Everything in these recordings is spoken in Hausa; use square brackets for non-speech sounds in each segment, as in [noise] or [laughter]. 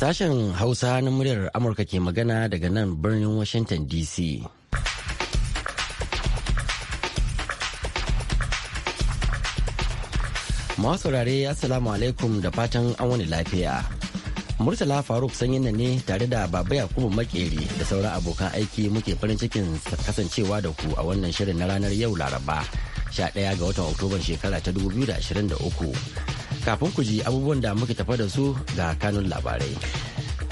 Sashen Hausa na muryar Amurka ke magana daga nan birnin Washington DC. Masu saurare Assalamu alaikum da fatan an wani lafiya. Murtala Faruk sanyin ne tare da Baba Yakubu Makeri da sauran abokan aiki muke farin cikin kasancewa da ku a wannan shirin na ranar yau Laraba 11 ga watan Oktoban shekara ta 2023. kafin ku ji abubuwan da muke tafa da su ga kanun labarai.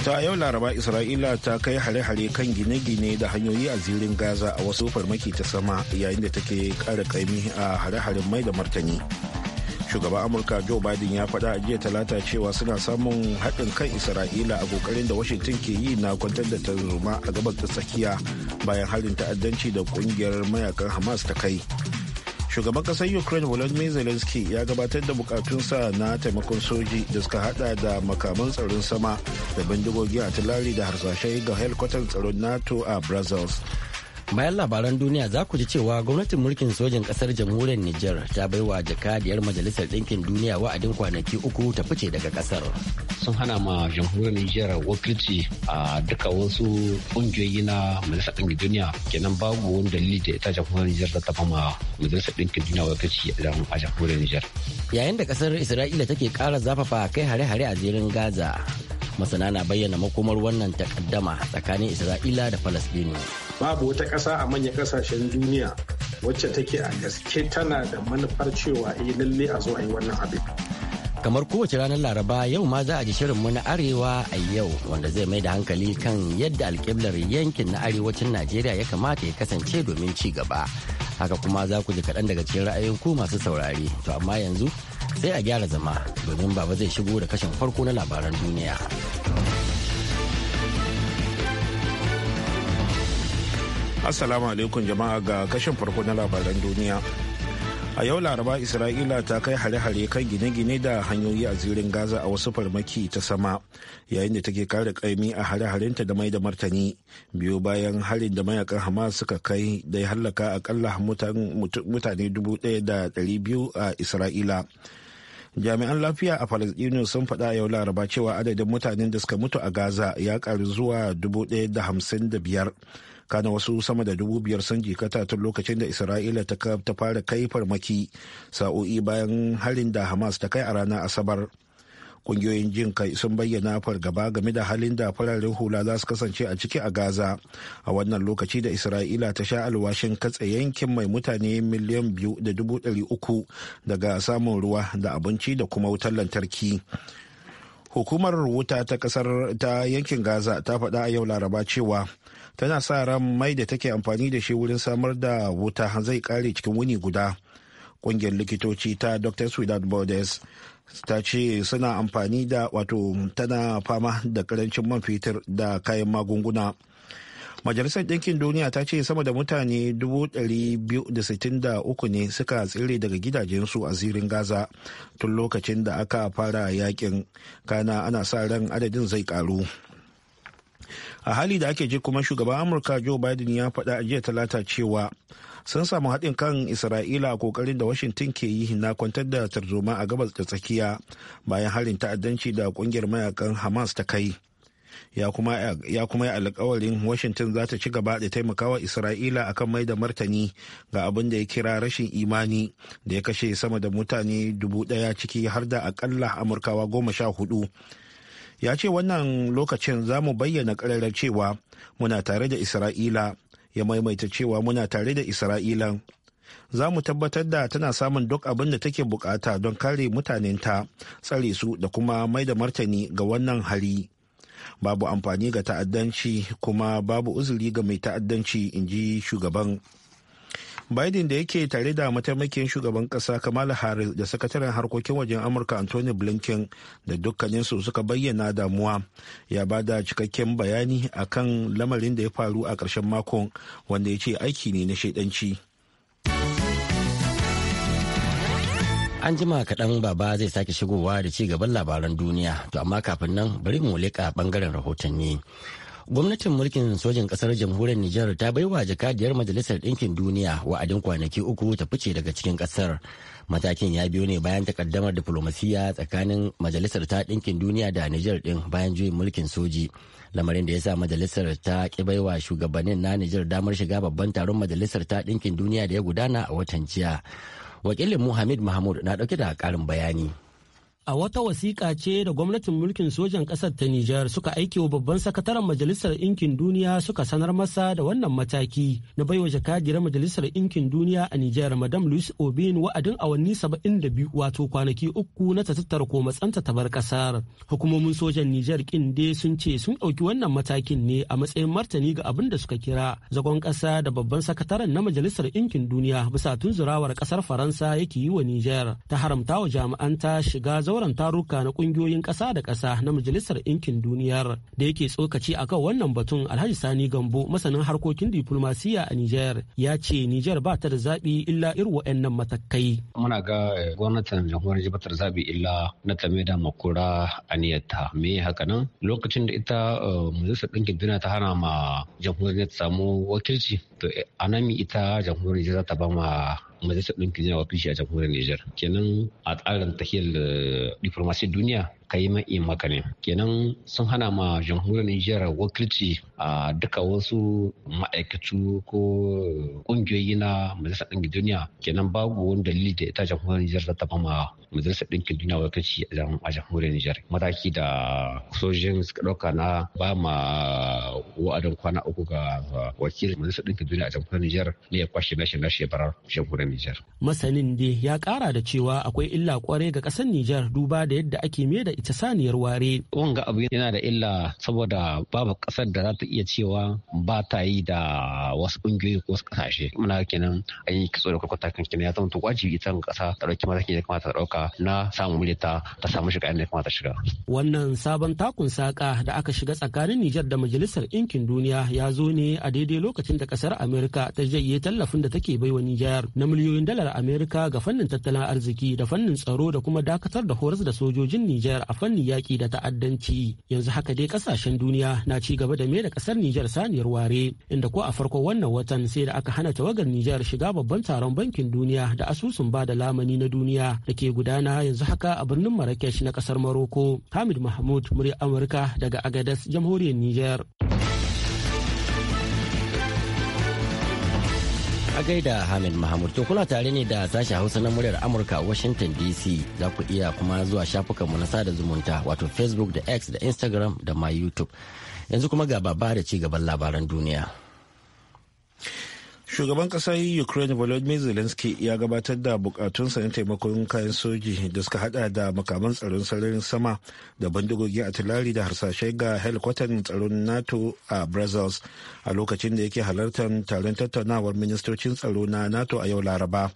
ta yau laraba isra'ila ta kai hare-hare kan gine-gine da hanyoyi a zirin gaza a wasu farmaki ta sama yayin da take kara kaimi a hare-haren mai da martani shugaban amurka joe biden ya faɗa a jiya talata cewa suna samun haɗin kan isra'ila a kokarin da washington ke yi na kwantar da tarzoma a gabar ta tsakiya bayan harin ta'addanci da kungiyar mayakan hamas ta kai shugaban kasar ukraine volodymyr zelensky ya gabatar da bukatunsa na taimakon soji da suka hada da makaman tsaron sama da bindigogi a tulari da harsashai ga helikwatar tsaron nato a brussels bayan labaran duniya za ku ji cewa gwamnatin mulkin sojin kasar jamhuriyar Nijar ta bai baiwa jakadiyar majalisar ɗinkin duniya wa'adin kwanaki uku ta fice daga kasar. Sun hana ma jamhuriyar Nijar wakilci a duka wasu ƙungiyoyi na majalisar ɗinkin duniya kenan babu wani dalili da ita jamhuriyar Nijar ta tafa ma majalisar ɗinkin duniya wakilci a jamhuriyar Nijar. Yayin da kasar Isra'ila take ƙara zafafa kai hare-hare a zirin Gaza masana na bayyana makomar wannan takaddama tsakanin isra'ila da falasdino babu wata ƙasa a manyan ƙasashen duniya wacce take a gaske tana da manufar cewa eh lalle a zo a yi wannan abin kamar kowace ranar laraba yau ma za a ji shirin mu na arewa a yau wanda zai mai da hankali kan yadda alkiblar yankin na arewacin najeriya ya kamata ya kasance domin ci gaba haka kuma za ku ji kaɗan daga cikin ra'ayin ku masu saurari to amma yanzu sai a gyara zama domin baba zai shigo da kashin farko na labaran duniya. Assalamu alaikum jama'a ga kashin farko na labaran duniya. A yau Laraba Isra'ila ta kai hare-hare kan gine-gine da hanyoyi a zirin Gaza a wasu farmaki ta sama yayin da take kare kaimi a hare-harenta da mai da martani biyu bayan harin da mayakan Hamas suka kai da ya hallaka akalla mutane dubu ɗaya da ɗari biyu a Isra'ila jami'an lafiya a falasdino sun faɗa yau laraba cewa adadin mutanen da suka mutu a gaza ya karu zuwa 1,055 kana wasu sama da dubu biyar sun jikata tun lokacin da isra'ila ta fara kai farmaki sa'o'i bayan harin da hamas ta kai a ranar asabar kungiyoyin jin kai sun bayyana fargaba game da halin da fararen hula za su kasance a ciki a gaza a wannan lokaci da isra'ila ta sha alwashin katse yankin mai mutane miliyan biyu da dubu ɗari uku daga samun ruwa da abinci da kuma wutar lantarki hukumar wuta ta kasar ta yankin gaza ta faɗa a yau laraba cewa tana sa ran mai da take amfani da shi wurin samar da wuta zai kare cikin wuni guda ƙungiyar likitoci ta dr swedat borders ta ce suna amfani da wato tana fama da karancin man fetur da kayan magunguna majalisar ɗinkin duniya ta ce sama da mutane 263 ne suka tsire daga gidajensu a zirin gaza tun lokacin da aka fara yakin kana ana sa ran adadin zai karu a hali da ake ji kuma shugaban amurka joe biden ya faɗa a jiya talata cewa sun samu haɗin kan isra'ila a kokarin da washington ke yi na kwantar da tarzoma a gabas da tsakiya bayan harin ta'addanci da ƙungiyar mayakan hamas ta kai ya kuma ya alkawarin washington za ta ci gaba da taimakawa isra'ila akan mai da martani ga abin da ya kira rashin imani da ya kashe sama da mutane dubu daya ciki har da akalla amurkawa goma sha hudu ya ce wannan lokacin za mu bayyana ƙararrar cewa muna tare da isra'ila ya maimaita cewa muna tare da Isra'ila za mu tabbatar da tana samun duk abin da take bukata don kare mutanenta tsare su da kuma mai da martani ga wannan hari babu amfani ga ta'addanci kuma babu uzuri ga mai ta'addanci in ji shugaban Biden da yake tare da mataimakin shugaban kasa Kamala Harris da sakataren harkokin wajen Amurka Anthony Blinken da dukkaninsu suka bayyana damuwa ya ba da cikakken bayani a kan lamarin da ya faru a ƙarshen makon wanda ya ce aiki ne na shaidanci. An jima kaɗan baba zai sake shigowa da ci gaban labaran duniya, to amma kafin nan bari mu leƙa ɓangaren rahotanni. gwamnatin mulkin sojin kasar jamhuriyar nijar ta baiwa jakadiyar majalisar ɗinkin duniya wa'adin kwanaki uku ta fice daga cikin kasar matakin ya biyo ne bayan takaddamar diplomasiya tsakanin majalisar ta ɗinkin duniya da nijar ɗin bayan juyin mulkin soji lamarin da ya sa majalisar ta ki baiwa shugabannin na nijar damar shiga babban taron majalisar ta ɗinkin duniya da ya gudana a watan jiya wakilin muhammad mahmud na ɗauke da ƙarin bayani a wata wasiƙa ce da gwamnatin mulkin sojan ƙasar ta Nijar suka aiki wa babban sakataren Majalisar Ɗinkin Duniya suka sanar masa da wannan mataki na baiwa jakadiyar Majalisar Ɗinkin Duniya a Nijar Madam Louis Obin wa'adin awanni 72 wato kwanaki uku na ta tattara komatsanta ta bar ƙasar. Hukumomin sojan Nijar ƙin dai sun ce sun ɗauki wannan matakin ne a matsayin martani ga abin da suka kira zagon ƙasa da babban sakataren na Majalisar Ɗinkin Duniya bisa tunzurawar ƙasar Faransa yake yi wa Nijar ta haramta wa jami'an ta shiga zaune zauren taruka na kungiyoyin kasa da kasa na Majalisar Ɗinkin Duniyar da yake tsokaci a kan wannan batun Alhaji Sani Gambo masanin harkokin diplomasiya a Nijar ya ce Nijar ba ta da zaɓi illa irin waɗannan matakai. Muna ga eh, gwamnatin jamhuriyar Nijar ba ta da zaɓi illa na tame da makura aniyarta me haka nan lokacin da ita eh, Majalisar Ɗinkin Duniya ta hana ma jamhuriyar ta samu wakilci to eh, anami ita jamhuriyar Nijar za ta ba ma majalisar ɗinkin yana wakilci a jamhuriyar Nijar. Kenan a tsarin tahiyar eh, diplomasi duniya kai ma'i maka ne kenan sun hana ma jamhuriyar Nijar wakilci a duka wasu ma'aikatu ko kungiyoyi na majalisar ɗinkin duniya kenan babu wani dalili da ita jamhuriyar Nijar za ta ma majalisar ɗinkin duniya wakilci a jamhuriyar Nijar mataki da sojin suka ɗauka na ba ma wa'adin kwana uku ga wakilin majalisar ɗinkin duniya a jamhuriyar Nijar ne ya kwashe na nashi ya jamhuriyar Nijar. Masanin dai ya ƙara da cewa akwai illa kwarai ga ƙasar Nijar duba da yadda ake mai da ita saniyar ware. Wanga abu yana da illa saboda babu kasar da za ta iya cewa ba ta yi da wasu ƙungiyoyi ko wasu ƙasashe. Muna kenan an yi kitso da kwakwata kan kenan ya zama to wajibi ita ƙasa ta ɗauki mataki da kamata ta ɗauka na samu mulita ta samu shiga inda ya kamata shiga. Wannan sabon takun saƙa da aka shiga tsakanin Nijar da Majalisar Ɗinkin Duniya ya zo ne a daidai lokacin da ƙasar Amerika ta jayye tallafin da take baiwa Nijar na miliyoyin dalar Amerika ga fannin tattalin arziki da fannin tsaro da kuma dakatar da horas da sojojin Nijar a fannin yaƙi da ta'addanci yanzu haka dai ƙasashen duniya na ci gaba da mai da ƙasar Nijar saniyar ware inda ko a farko wannan watan sai da aka hana tawagar Nijar shiga babban taron bankin duniya da asusun ba da lamani na duniya da ke gudana yanzu haka a birnin Marrakesh na ƙasar Maroko. Hamid Mahmud murya Amurka daga Agadez jamhuriyar Nijar. a gaida Hamid Mahmud to kuna tare ne da sashen Hausa na muryar Amurka a Washington DC za ku iya kuma zuwa shafukanmu na sada zumunta wato Facebook da X da Instagram da ma YouTube. Yanzu kuma ga baba da ci gaban labaran duniya. shugaban kasar ukraine volodymyr zelensky ya gabatar da bukatunsa na taimakon kayan soji da suka hada da makaman tsaron sararin sama da bindigogi a tulari da harsashe ga helikwatan tsaron nato a brussels a lokacin da yake halartar taron tattaunawar ministocin tsaro na nato a yau laraba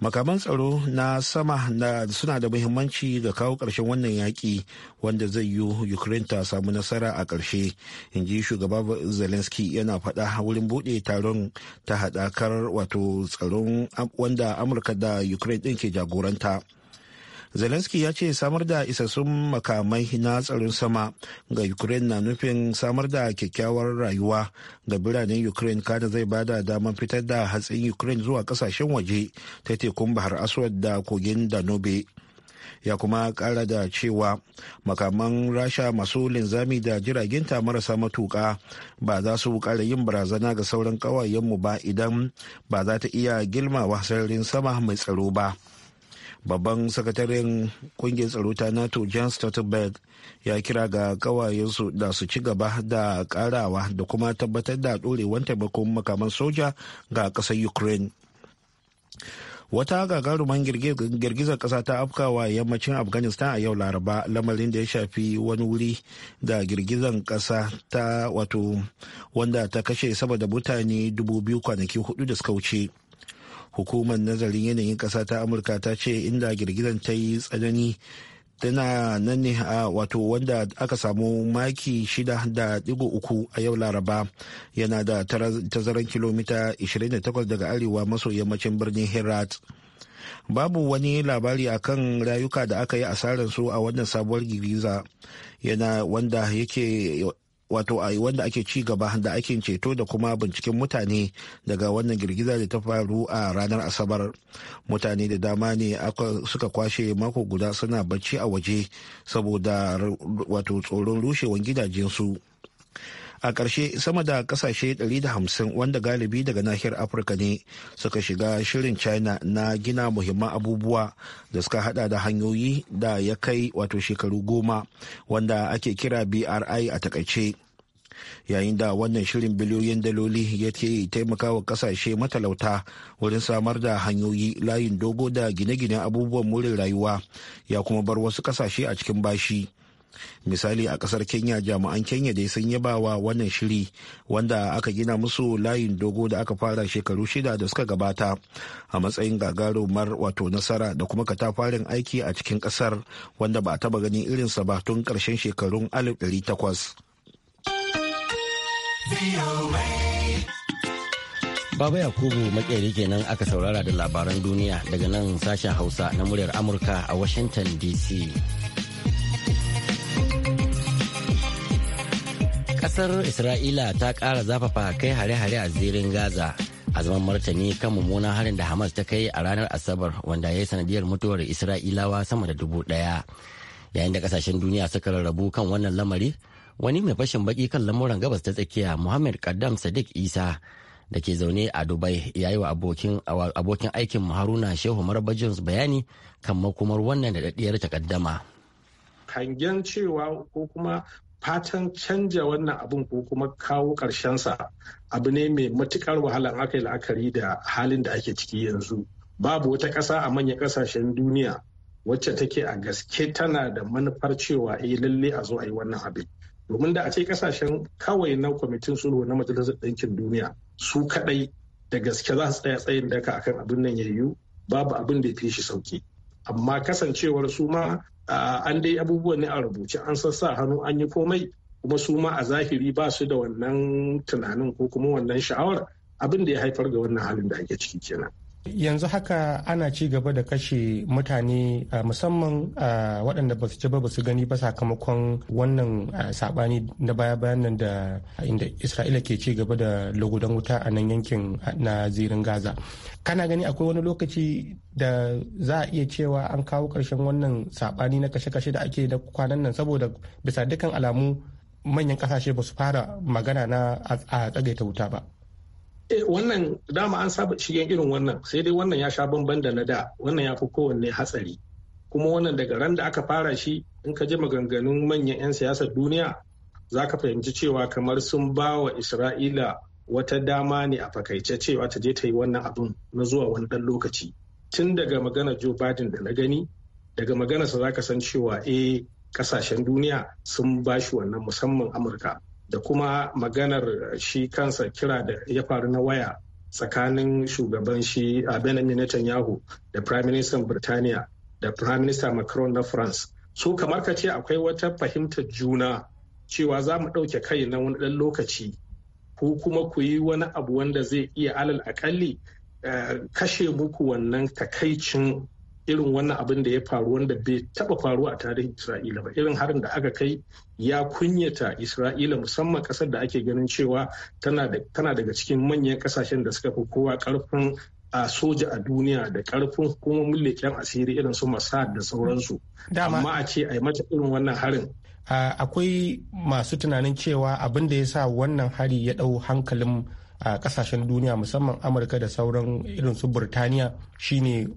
makaman tsaro na sama na suna da muhimmanci ga kawo ƙarshen wannan yaƙi wanda zai yi ukraine ta samu nasara a ƙarshe in ji shugaba zelensky yana faɗa wurin buɗe taron ta haɗakar wato tsaron wanda amurka da ukraine ɗin ke jagoranta zelensky ya ce samar da isassun makamai na tsaron sama ga ukraine na nufin samar da kyakkyawar rayuwa ga biranen ukraine kada zai bada damar fitar da hatsin ukraine zuwa kasashen waje ta tekun bahar aswad da kogin danube ya kuma kara da cewa makaman rasha masu linzami da jiragenta marasa matuka ba za su kara yin barazana ga sauran kawayenmu ba idan ba za ta iya gilmawa sararin sama mai tsaro ba. babban sakataren kungiyar tsaro ta nato john stoltenberg ya kira ga kawayensu da su ci gaba da karawa da kuma tabbatar da ɗorewan taimakon makaman soja ga ƙasar ukraine wata gagaruman girgizar kasa ta afkawa yammacin afghanistan a yau laraba lamarin da ya shafi wani wuri da girgizar kasa ta wato wanda ta kashe sama da mutane dubu kwanaki hudu da suka wuce hukumar nazarin yanayin kasa ta amurka ta ce inda girgizar ta yi tsanani tana nan ne a wato wanda aka samu maki shida da digo uku a yau laraba yana da tazaran kilomita 28 daga arewa maso yammacin birnin herat babu wani labari akan rayuka da aka yi asararsu a wannan sabuwar girgiza yana wanda yake wato a wanda ake ci gaba da ake ceto da kuma binciken mutane daga wannan girgiza da ta faru a ranar asabar mutane da dama ne suka kwashe mako guda suna bacci a waje saboda wato tsoron rushewan gidajensu a ƙarshe sama da ƙasashe 150 wanda galibi daga nahiyar afirka ne suka shiga shirin china na gina muhimman abubuwa da suka hada da hanyoyi da ya kai wato shekaru goma wanda ake kira bri a takaice yayin da wannan shirin biliyoyin daloli ya ke taimaka wa kasashe matalauta wurin samar da hanyoyi layin dogo da gine gine abubuwan more rayuwa ya kuma bar wasu kasashe a cikin bashi misali a kasar kenya jami'an kenya dai sun yaba wa wannan shiri wanda aka gina musu layin dogo da aka fara shekaru shida da suka gabata a matsayin gagarumar wato nasara da kuma katafarin aiki a cikin kasar wanda ba a taba ganin irinsa ba tun karshen shekarun 1800 Baba Yakubu makeri kenan aka saurara da labaran duniya daga nan sashen Hausa na muryar Amurka a Washington DC. Kasar Isra'ila ta kara zafafa kai hare-hare a zirin Gaza a zaman martani kan mummunan harin da Hamas ta kai a ranar Asabar wanda ya yi sanadiyar mutuwar Isra'ilawa sama da dubu ɗaya. Yayin da kasashen duniya suka rarrabu kan wannan lamari, wani mai fashin baki kan lamuran gabas ta tsakiya Muhammad Kaddam Sadiq Isa da ke zaune a Dubai ya yi wa abokin aikin Haruna Shehu Maraba Jones bayani kan makomar wannan da takaddama. hangen cewa ko kuma fatan canja wannan abin ko kuma kawo sa abu ne mai matukar wahala aka yi la'akari da halin da ake ciki yanzu babu wata ƙasa a manyan ƙasashen duniya wacce take a gaske tana da manufar cewa eh lalle a zo a yi wannan abin domin da a ce kasashen kawai na kwamitin sulhu na majalisar ɗinkin duniya su kaɗai da gaske za su tsaya tsayin daka akan abin nan yayyu babu abin da ya fi shi sauki amma kasancewar su ma an dai abubuwan ne a rubuce an sassa hannu an yi komai kuma su ma a zahiri ba su da wannan tunanin ko kuma wannan sha'awar abin da ya haifar ga wannan halin da ake ciki kenan. yanzu haka ana ci gaba da kashe mutane musamman waɗanda ba su ci ba su gani ba sakamakon wannan sabani na baya-bayan nan da inda isra'ila ke ci gaba da lugudan wuta a nan yankin na zirin gaza kana gani akwai wani lokaci da za a iya cewa an kawo ƙarshen wannan sabani na kashe-kashe da ake da kwanan nan saboda bisa dukkan alamu manyan kasashe ba su fara magana na a tsagaita wuta ba Eh, wannan dama an saba shigen irin wannan sai dai wannan ya sha bamban da na da wannan ya fi kowanne hatsari kuma wannan daga ran da aka fara shi in ka ji maganganun manyan 'yan siyasar duniya za ka fahimci cewa kamar sun ba wa isra'ila wata dama ne a fakaice cewa ta je ta yi wannan abin na zuwa wani ɗan lokaci tun daga magana joe biden da na gani daga maganarsa za ka san cewa eh kasashen duniya sun ba shi wannan musamman amurka da kuma maganar shi kansa kira da ya faru na waya tsakanin shugaban shi a Benjamin Netanyahu da Prime Minister Birtaniya da Prime Minister Macron na France. Su kamar ka ce akwai wata fahimtar juna cewa za mu ɗauke kai na wani ɗan lokaci ku kuma ku yi wani abu wanda zai iya alal akalli eh, kashe muku wannan takaicin irin wannan abin da ya faru wanda bai taba faru a tarihin isra'ila ba irin harin da aka kai ya kunyata isra'ila musamman kasar da ake ganin cewa tana daga cikin manyan kasashen da suka fi kowa karfin a soja a duniya da karfin hukumomin leƙen asiri irin su masad da sauransu amma a ce a yi mata irin wannan harin akwai masu tunanin cewa abin da ya sa wannan hari ya dau hankalin a kasashen duniya musamman amurka da sauran irin su burtaniya shine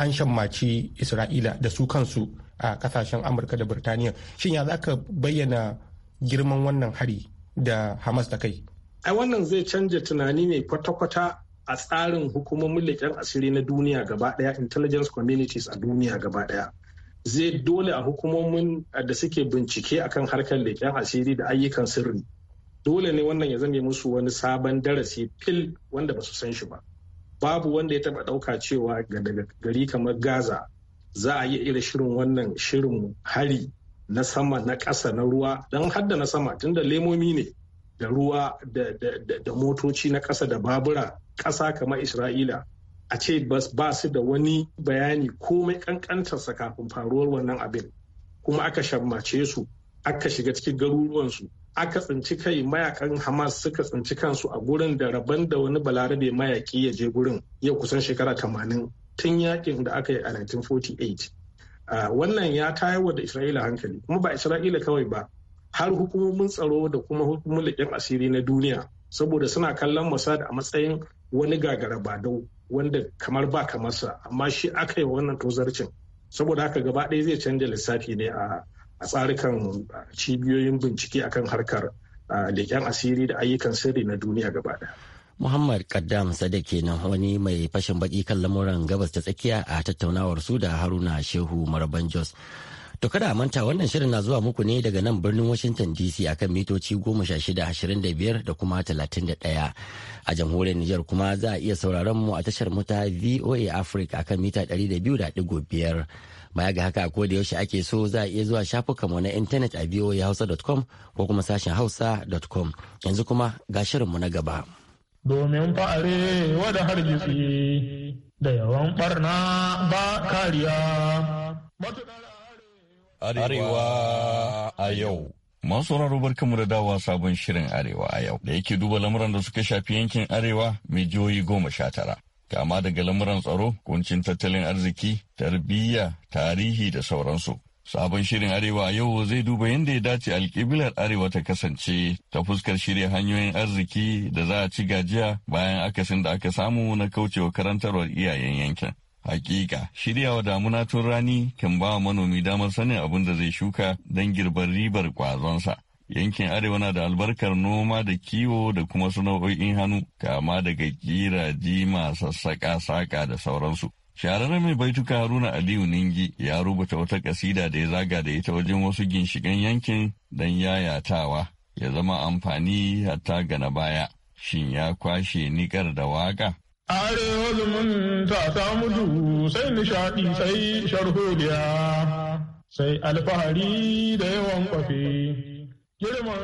an shammaci isra'ila da su kansu a kasashen amurka da birtaniya shin ya za ka bayyana girman wannan hari da hamas da kai ai wannan zai canja tunani ne kwata-kwata a tsarin hukumomin leƙen asiri na duniya gaba daya intelligence communities a duniya gaba daya zai dole a hukumomin eh, da suke bincike akan harkar leƙen asiri da ayyukan sirri dole ne wannan ya zame musu wani sabon darasi fil wanda ba su san shi ba babu wanda ya taba dauka cewa daga gari kamar gaza za a yi irin shirin wannan shirin hari na sama na ƙasa na ruwa don hadda na sama tunda lemomi ne da ruwa da motoci na ƙasa da babura ƙasa kamar isra'ila a ce ba su da wani bayani komai kankantarsa kafin faruwar wannan abin kuma aka shammace su aka shiga cikin garuruwansu aka tsinci kai mayakan hamas suka tsinci kansu a gurin da rabon da wani balarabe mayaki ya je gurin yau kusan shekara tamanin tun yakin da aka yi a 1948 wannan ya tayarwa da isra'ila hankali kuma ba isra'ila kawai ba har hukumomin tsaro da kuma hukumomin leƙen asiri na duniya saboda suna kallon masad a matsayin wani gagara badau wanda kamar ba kamarsa amma shi aka yi wannan tozarcin saboda haka gaba ɗaya zai canja lissafi ne a a tsarukan cibiyoyin bincike akan harkar leƙen asiri da ayyukan sirri na duniya gaba Muhammad Kaddam Sadiq kenan wani mai fashin baki kan lamuran gabas ta tsakiya a tattaunawar su da Haruna Shehu Maraban Jos. To kada a manta wannan shirin na zuwa muku ne daga nan birnin Washington DC akan mitoci 1625 da kuma 31. A jamhuriyar Nijar kuma za a iya sauraron mu a tashar muta ta VOA Africa akan mita 200.5. baya ga haka ko da yaushe ake so za a iya zuwa shafukanmu na intanet a voahausa.com ko kuma sashen hausa.com yanzu kuma ga shirinmu na gaba. domin fa'are wada hargitsi da yawan barna ba kariya. Arewa a yau Masu rarobar kamar da dawa sabon shirin Arewa a yau da yake duba lamuran da suka shafi yankin Arewa mai jihohi goma sha tara. kama daga lamuran tsaro, kuncin tattalin arziki, tarbiyya, tarihi da sauransu. Sabon shirin Arewa yau zai duba yadda ya dace alƙiblar Arewa ta kasance ta fuskar shirya hanyoyin arziki da za a ci gajiya bayan akasin da aka samu na kaucewa karantarwar iyayen yankin. Hakika, shiryawa damuna tun rani kan ba manomi damar sanin abin da zai shuka don girbar ribar kwazonsa. yankin arewa na da albarkar noma da kiwo da kuma sana'o'in hannu kama daga kiraji masu saka saka da sauransu shahararren mai baituka haruna aliyu ningi ya rubuta wata kasida da ya zaga da ita wajen wasu ginshigan yankin don yayatawa ya zama amfani hatta ga na baya shin ya kwashe nikar da waka arewa zumunta ta mutu sai nishaɗi, sai sharholiya sai alfahari da yawan kwafe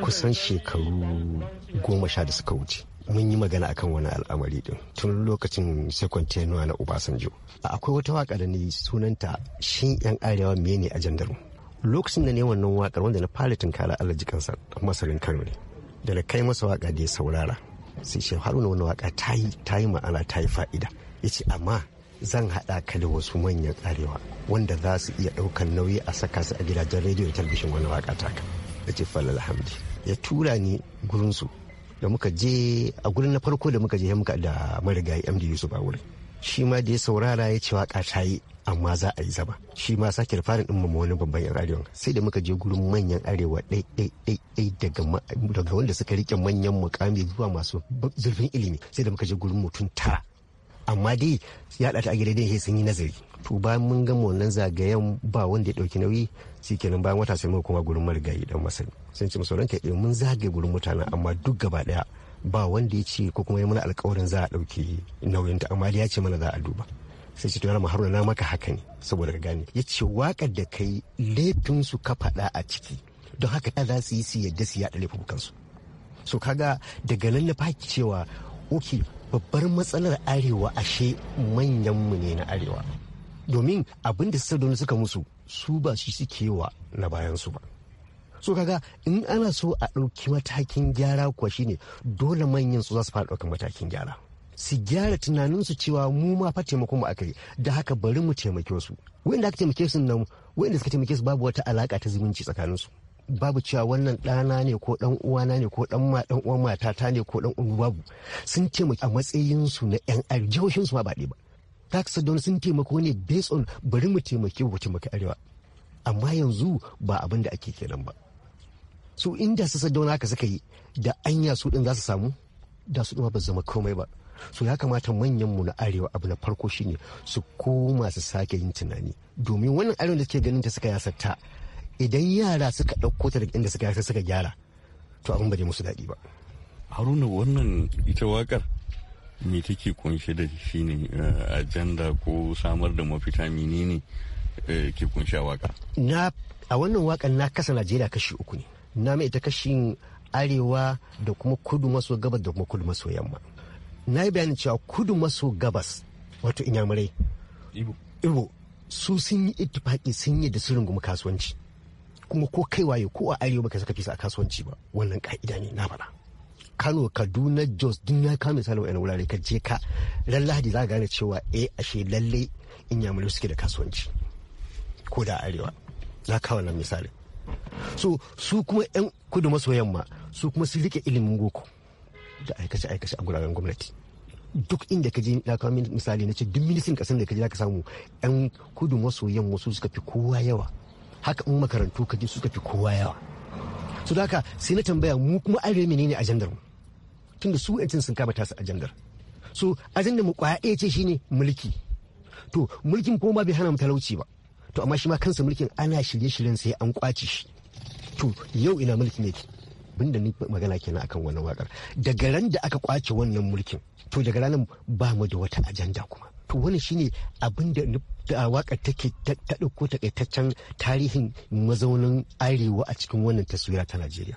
kusan shekaru goma sha da suka wuce mun yi magana akan wani al'amari din tun lokacin sekon tenuwa na obasanjo akwai wata waka da ni sunanta shin yan arewa mene a jandaru lokacin da ne wannan wakar wanda na fara tunkara alaji kansa masarin kano ne da na kai masa waka da ya saurara sai shi haruna wani waka ta yi ta yi ma'ana ta yi fa'ida ya ce amma zan haɗa ka da wasu manyan arewa wanda za su iya ɗaukar nauyi a saka su a gidajen rediyo da talbishin wani waka taka da ce falal ya tura ni gurinsu da muka je a gurin na farko da muka je muka da marigayi md yusuf a wurin shi ma da ya saurara ya ce waka ta yi amma za a yi zama shi ma sake da farin din wani babban yan arewa sai da muka je gurin manyan arewa ɗai daga wanda suka rike manyan mukami zuwa masu zurfin ilimi sai da muka je gurin mutum tara amma dai ya ta a gida dai sun yi nazari to bayan mun gama wannan zagayen ba wanda ya dauki nauyi kenan bayan wata sai muka koma gurin marigayi dan masani sun ce masauran ta mun zagaye gurin mutanen amma duk gaba daya ba wanda ya ce ko kuma ya mana alkawarin za a dauki nauyin ta amma ya ce mana za a duba sai ce to yana haruna na maka haka ne saboda ka gane ya ce waƙar da kai laifin su ka faɗa a ciki don haka ta za su yi su yadda su yaɗa laifin su so kaga daga nan na faki cewa oke babbar matsalar arewa ashe manyanmu ne na arewa domin abin da sadon suka musu su ba shi suke wa na bayansu ba so kaga in ana so a ɗauki matakin gyara kuwa shine dole manyan su za su fara ɗaukan matakin gyara su gyara tunaninsu cewa mu ma fa taimakon mu aka da haka bari mu taimake su wanda aka taimake su nan wanda suka taimake su babu wata alaka ta zumunci tsakaninsu babu cewa wannan ɗana ne ko ɗan uwana ne ko ɗan ɗan uwan matata ne ko ɗan uwan babu sun taimaki a matsayin su na yan arewa jihohin su ma ba ɗaya ba kasa don sun taimako ne based on bari mu taimaki mu taimaki arewa amma yanzu ba abin da ake kenan ba su inda su don haka suka yi da anya su ɗin za su samu da su ba zama komai ba Su ya kamata manyan mu na arewa abu na farko shine su koma su sake yin tunani domin wannan arewa da suke ganin ta suka ta idan yara suka ɗauko ta daga inda suka yasa suka gyara to abin ba je musu daɗi ba haruna wannan ita wakar me take kunshe da shi ne eh, ajanda ko samar da mafita mini ne eh, ke kunshe waka na a wannan wakan na kasa najeriya kashi uku ne na mai ita kashin arewa da kuma kudu maso gabas da kuma kudu maso yamma na yi bayanin cewa kudu maso gabas wato inyamurai ibo su sun yi ittifaki sun yi da su rungumi kasuwanci kuma ko kai waye ko a arewa baka saka fisa a kasuwanci ba wannan ka'ida ne na faɗa kano kaduna jos duk ya kame misali wa'yan wurare ka je ka lallahadi za ka gane cewa eh ashe lalle in ya mulu suke da kasuwanci ko da arewa na kawo nan misali so su kuma yan kudu maso yamma su kuma su rike ilimin goko da aikace aikace a guraren gwamnati duk inda ka je na kawo misali na ce duk ministan kasan da ka je za ka samu yan kudu maso yamma su suka fi kowa yawa haka in makarantu ka ji suka fi kowa yawa su da haka sai na tambaya mu kuma arewa ne ajandar mu tunda su yancin sun kama tasu ajandar so ajandar mu kwaya ɗaya ce shine mulki to mulkin kuma bai hana mu talauci ba to amma shi ma kansa mulkin ana shirye-shiryen sai an kwace shi to yau ina mulkin yake bin da ni magana kenan akan wannan wakar daga ran da aka kwace wannan mulkin to daga ranar ba mu da wata ajanda kuma to shi shine abin da da take ta ɗauko takaitaccen tarihin mazaunin arewa a cikin wannan taswira ta najeriya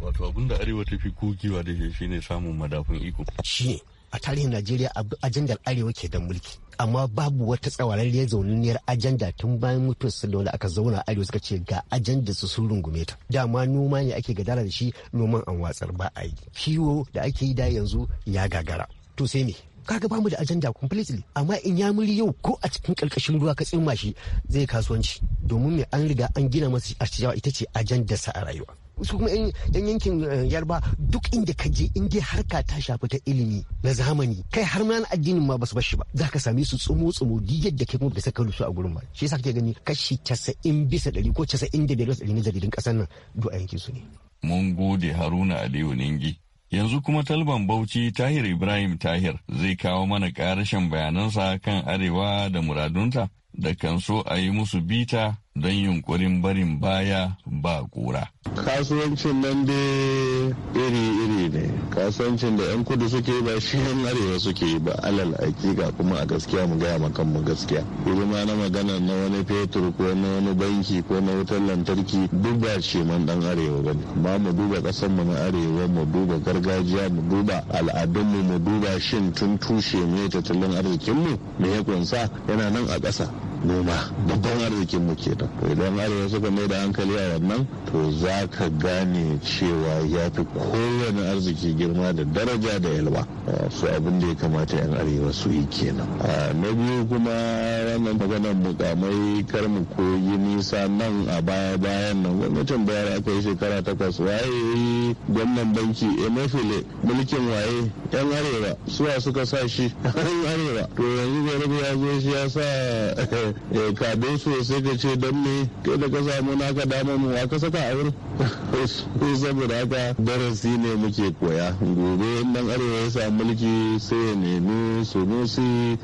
wato abin da arewa ta fi kogewa da shi shine samun madafun iko shi a tarihin najeriya ajandar arewa ke da mulki amma babu wata tsawararriyar zaunaniyar ajanda tun bayan mutum sallah da aka zauna arewa suka ce ga ajanda su sun rungume ta dama noma ne ake gadara da shi noman an watsar ba a yi kiwo da ake yi da yanzu ya gagara to sai me kaga bamu da ajanda completely amma in ya muri yau ko a cikin karkashin ruwa ka tsimma shi zai kasuwanci domin me an riga an gina masa artijawa ita ce ajanda sa a rayuwa su kuma yan yankin eh, yarba duk inda ka je in dai harka ta shafi ta ilimi na zamani kai har ma addinin ma basu bashi ba za ka same su tsumo tsumo duk yadda kai kuma da saka su a gurin ba shi yasa kake gani kashi 90 bisa 100 ko 95 na jaridun kasar nan duk a yankin su ne mun gode haruna aliyu ningi Yanzu kuma talban Bauchi Tahir Ibrahim Tahir zai kawo mana karashin bayanansa kan Arewa da muradunta da kan so a yi musu bita don yunkurin barin baya ba kura. Kasuwancin nan dai iri-iri ne, kasuwancin da 'yan kudu suke ba shi yan arewa suke ba alal hakika kuma a gaskiya mu gaya makan mu gaskiya. Hidima na magana na wani fetur ko na wani banki ko na wutar lantarki duk ba ce man dan arewa ba ne. Ma mu duba ƙasar mu na arewa mu duba gargajiya mu duba al'adunmu mu duba shin tun tushe ne tattalin arzikinmu me ya kunsa yana nan a ƙasa. noma babban arzikin mu kenan idan arewa suka mai da hankali a wannan to za ka gane cewa ya fi kowane arziki girma da daraja da yalwa eh, su abin da ya kamata yan arewa su yi kenan ah, na biyu kuma wannan maganar mukamai kar mu koyi nisa nan a baya bayan nan gwamnatin bayar aka yi shekara takwas waye gwamnan banki emefile eh, mulkin waye yan arewa suwa suka sa shi [laughs] yan arewa to yanzu gwamnati ya zo shi ya sa eh, Eh, kadin su sai ka ce don me kai da ka samu naka damar mu ka saka a wurin [laughs] eh, saboda haka darasi ne muke koya gobe dan arewa ya samu mulki sai ya nemi sunusi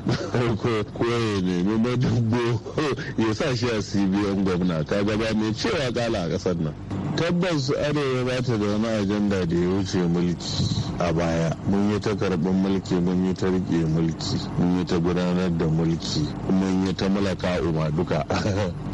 ko ya nemi madubo [laughs] ya sa shi a cbn gwamna ta gaba mai cewa kala a kasar nan tabbas arewa ba ta da wani ajanda da ya wuce mulki a baya mun yi ta karɓar mulki mun yi ta rike mulki mun yi ta gudanar da mulki mun yi ta mulaka Ka'uma duka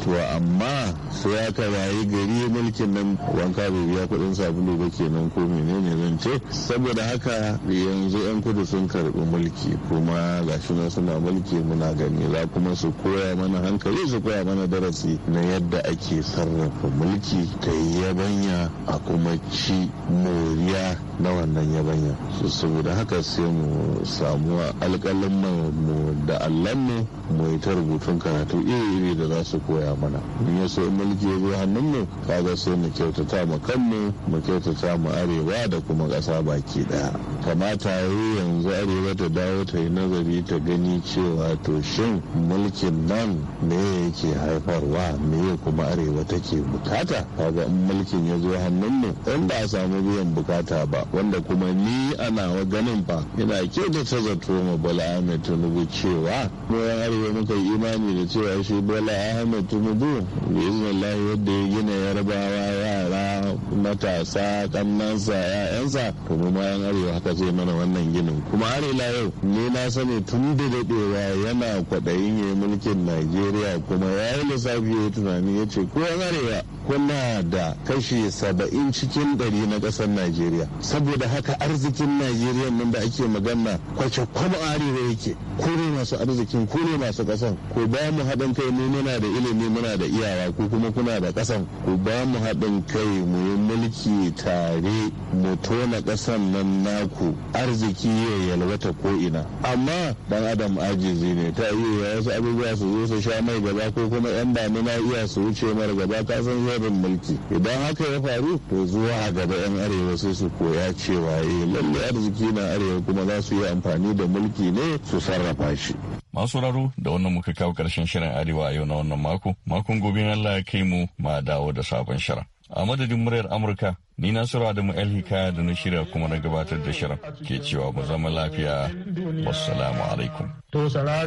[laughs] to amma sai aka rayu gari mulkin nan wanka bai biya kuɗin sabulu ba kenan ko menene zan ce saboda haka yanzu yan kudu sun karɓi mulki kuma gashi nan suna mulki muna gani za kuma su koya mana hankali su koya mana darasi na yadda ake sarrafa mulki ta yabanya a kuma ci moriya na wannan yabanya saboda haka sai mu samu alƙalin mu da ne mu yi ta rubutun karatu iri-iri da za su koya mana in ya so mulki zai zo mu kaga sai mu kyautata mu kanmu mu kyautata mu arewa da kuma ƙasa baki ɗaya kamata yi yanzu arewa ta dawo ta yi nazari ta gani cewa to shin mulkin nan me yake haifarwa me kuma arewa take bukata kaga in mulkin ya zo hannun mu in ba a samu biyan bukata ba wanda kuma ni ana wa ganin ba ina ke da ta zato ma Bala Ahmed Tinubu cewa mu yan arewa muka yi imani da cewa shi Bala Ahmed Tinubu biiznillahi yadda ya gina yarbawa yara matasa kannansa ya'yansa to mu ma yan arewa haka zai mana wannan ginin kuma har ila yau ni na sani tun da daɗewa yana kwaɗayin ya mulkin Najeriya kuma ya yi lissafi ya tunani ya ce ko yan arewa kuna da kashi saba'in cikin ɗari na ƙasar najeriya saboda haka arzikin najeriya nan da ake magana kwace kwam arewa yake kore ne masu arzikin ku masu ƙasan ku ba mu haɗin kai mu muna da ilimi muna da iyawa ko kuma kuna da ƙasan ku ba mu haɗin kai mu yi mulki tare mu tona ƙasan nan naku arziki ya yalwata ko ina amma dan adam ajizi ne ta iya wasu abubuwa su zo su sha mai gaba ko kuma yan damina iya su wuce mara gaba ta san babin mulki idan haka ya faru to zuwa a gaba yan arewa sai su koya cewa eh lalle arziki na arewa kuma za su yi amfani da mulki ne su sarrafa shi masu raro da wannan muka kawo karshen shirin arewa yau na wannan mako makon gobe Allah ya kai mu ma dawo da sabon shirin a madadin muryar amurka ni na sura da mu'al hikaya da na shirya kuma na gabatar da shirin ke cewa mu zama lafiya wassalamu alaikum to sai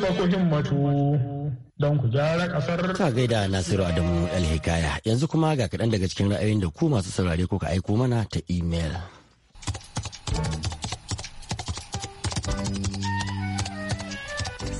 fa ku himmatu don ku gyara kasar. Ka gaida Nasiru Adamu alhikaya Hikaya yanzu kuma ga kaɗan daga cikin ra'ayoyin da ku masu saurare kuka aiko mana ta imel.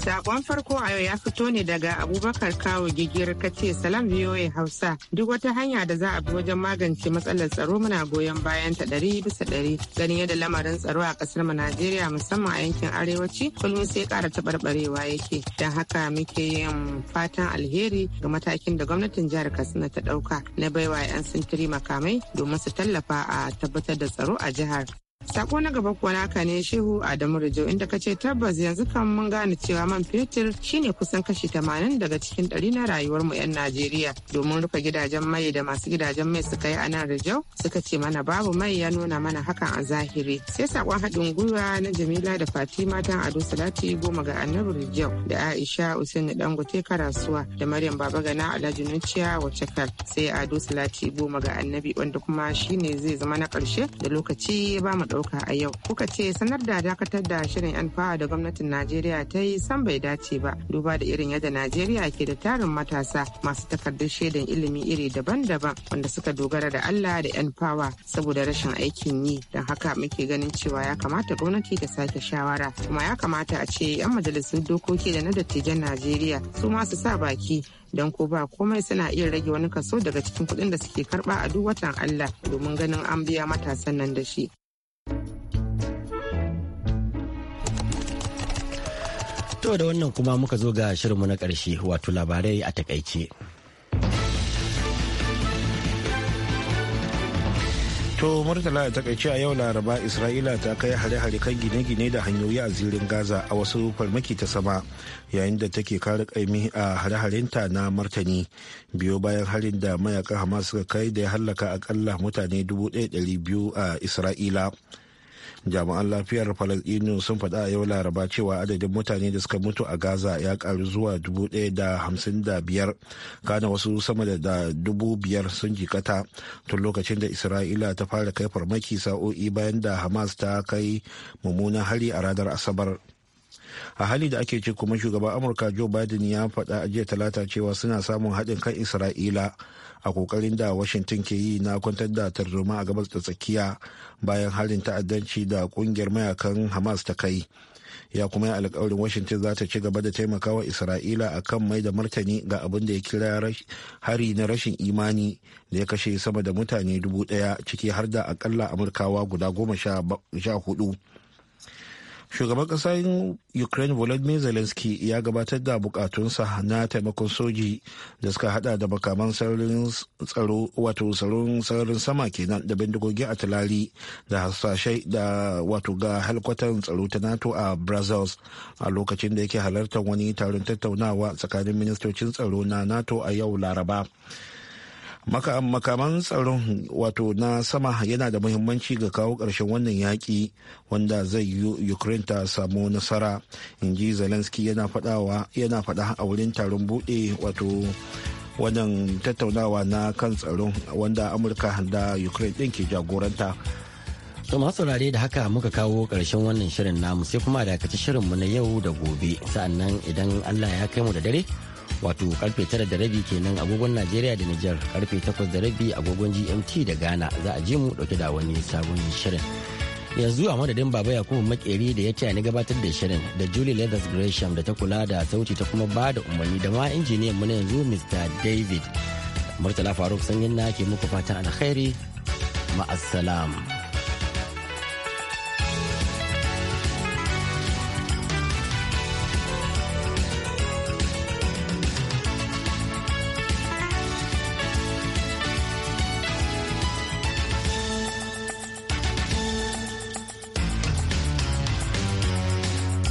Sakon farko a yau ya fito ne daga Abubakar Kawo Gigir kace salam VOA Hausa. Duk wata hanya da za a bi wajen magance matsalar tsaro muna goyon bayan ta ɗari bisa ɗari. Ganin yadda lamarin tsaro a ƙasar mu Najeriya musamman a yankin arewaci kullum sai ƙara taɓarɓarewa yake. Don haka muke yin fatan alheri ga matakin da gwamnatin jihar Katsina ta ɗauka na baiwa 'yan sintiri makamai domin su tallafa a tabbatar da tsaro a jihar. sako na gaba kuwa naka ne shehu adamu rijo inda kace tabbas yanzu kan mun gane cewa man fetur shine kusan kashi tamanin daga cikin ɗari na rayuwar mu yan najeriya domin rufe gidajen mai da masu gidajen mai suka yi a nan rijo suka ce mana babu mai ya nuna mana hakan a zahiri sai sakon haɗin gwiwa na jamila da fatima tan ado salati goma ga annabi rijo da aisha usaini dangote karasuwa da maryam babagana alhaji nuciya wacce kar sai ado salati goma ga annabi wanda kuma shine zai zama na ƙarshe da lokaci ba mu ɗauka a yau kuka ce sanar da dakatar da shirin yan fawa da gwamnatin najeriya ta yi san bai dace ba duba da irin yadda najeriya ke da tarin matasa masu takardar shaidan ilimi iri daban-daban wanda suka dogara da allah da yan fawa saboda rashin aikin yi don haka muke ganin cewa ya kamata gwamnati ta sake shawara kuma ya kamata a ce yan majalisun dokoki da na dattijan najeriya su ma su sa baki don ko ba komai suna iya rage wani kaso daga cikin kuɗin da suke karɓa a duk watan Allah domin ganin an biya matasan nan da shi. To da wannan kuma muka zo ga shirinmu na ƙarshe wato labarai a takaice. To Murtala a takaice a yau Laraba Isra'ila ta kai hare-hare kan gine-gine da hanyoyi a zirin Gaza a wasu farmaki ta sama yayin da take kare kaimi a hare-harenta na martani biyo bayan harin da mayakan Hamas suka kai da ya hallaka akalla mutane 1,200 a Isra'ila. jami'an lafiyar falasdini sun faɗa a yau laraba cewa adadin mutane da suka mutu a gaza ya karu zuwa dubu ɗaya da hamsin da biyar kana wasu sama da dubu biyar sun jikata tun lokacin da isra'ila ta fara kai farmaki sa'o'i bayan da hamas ta kai mummunan hari a ranar asabar a hali da ake ce kuma shugaban amurka joe biden ya faɗa a jiya talata cewa suna samun haɗin kan isra'ila a kokarin da washington ke yi na kwantar da tarzoma a gabas da tsakiya bayan halin ta'addanci da kungiyar mayakan hamas ta kai ya kuma yi alkawarin washington za ta ci gaba da taimakawa isra'ila a kan mai da martani ga abin da ya kira hari na rashin imani da ya kashe sama da mutane dubu daya ciki har da akalla amurkawa guda goma sha hudu shugaban ƙasar ukraine volodymyr zelensky ya gabatar da bukatunsa na taimakon soji da suka hada da makaman sararin tsaro wato sararin sama kenan da bindigogi a tulari da hasashai da wato ga halkwatan tsaro ta nato a brazils a lokacin da yake halartar wani taron tattaunawa tsakanin ministocin tsaro na nato a yau laraba makaman tsaron wato na sama yana da muhimmanci ga kawo karshen wannan yaƙi wanda zai yi ukraine ta samu nasara in ji zelensky yana fada a wurin taron buɗe wato wannan tattaunawa na kan tsaron wanda amurka da ukraine ɗin ke jagoranta To masu saurare da haka muka kawo ƙarshen wannan shirin namu sai kuma da shirin shirinmu na yau da gobe sa'annan idan Allah ya kai mu da dare wato karfe tara da rabi kenan agogon najeriya da niger karfe takwas da rabi agogon gmt da ghana za a je mu dauke da wani sabon shirin yanzu a madadin baba yakubu makeri da ya taya ni gabatar da shirin da julie leathers gresham da ta kula da sauti ta kuma ba da umarni da ma injiniyan mu na yanzu mr david murtala faruk sanyin na ke muku fatan alkhairi ma'assalam.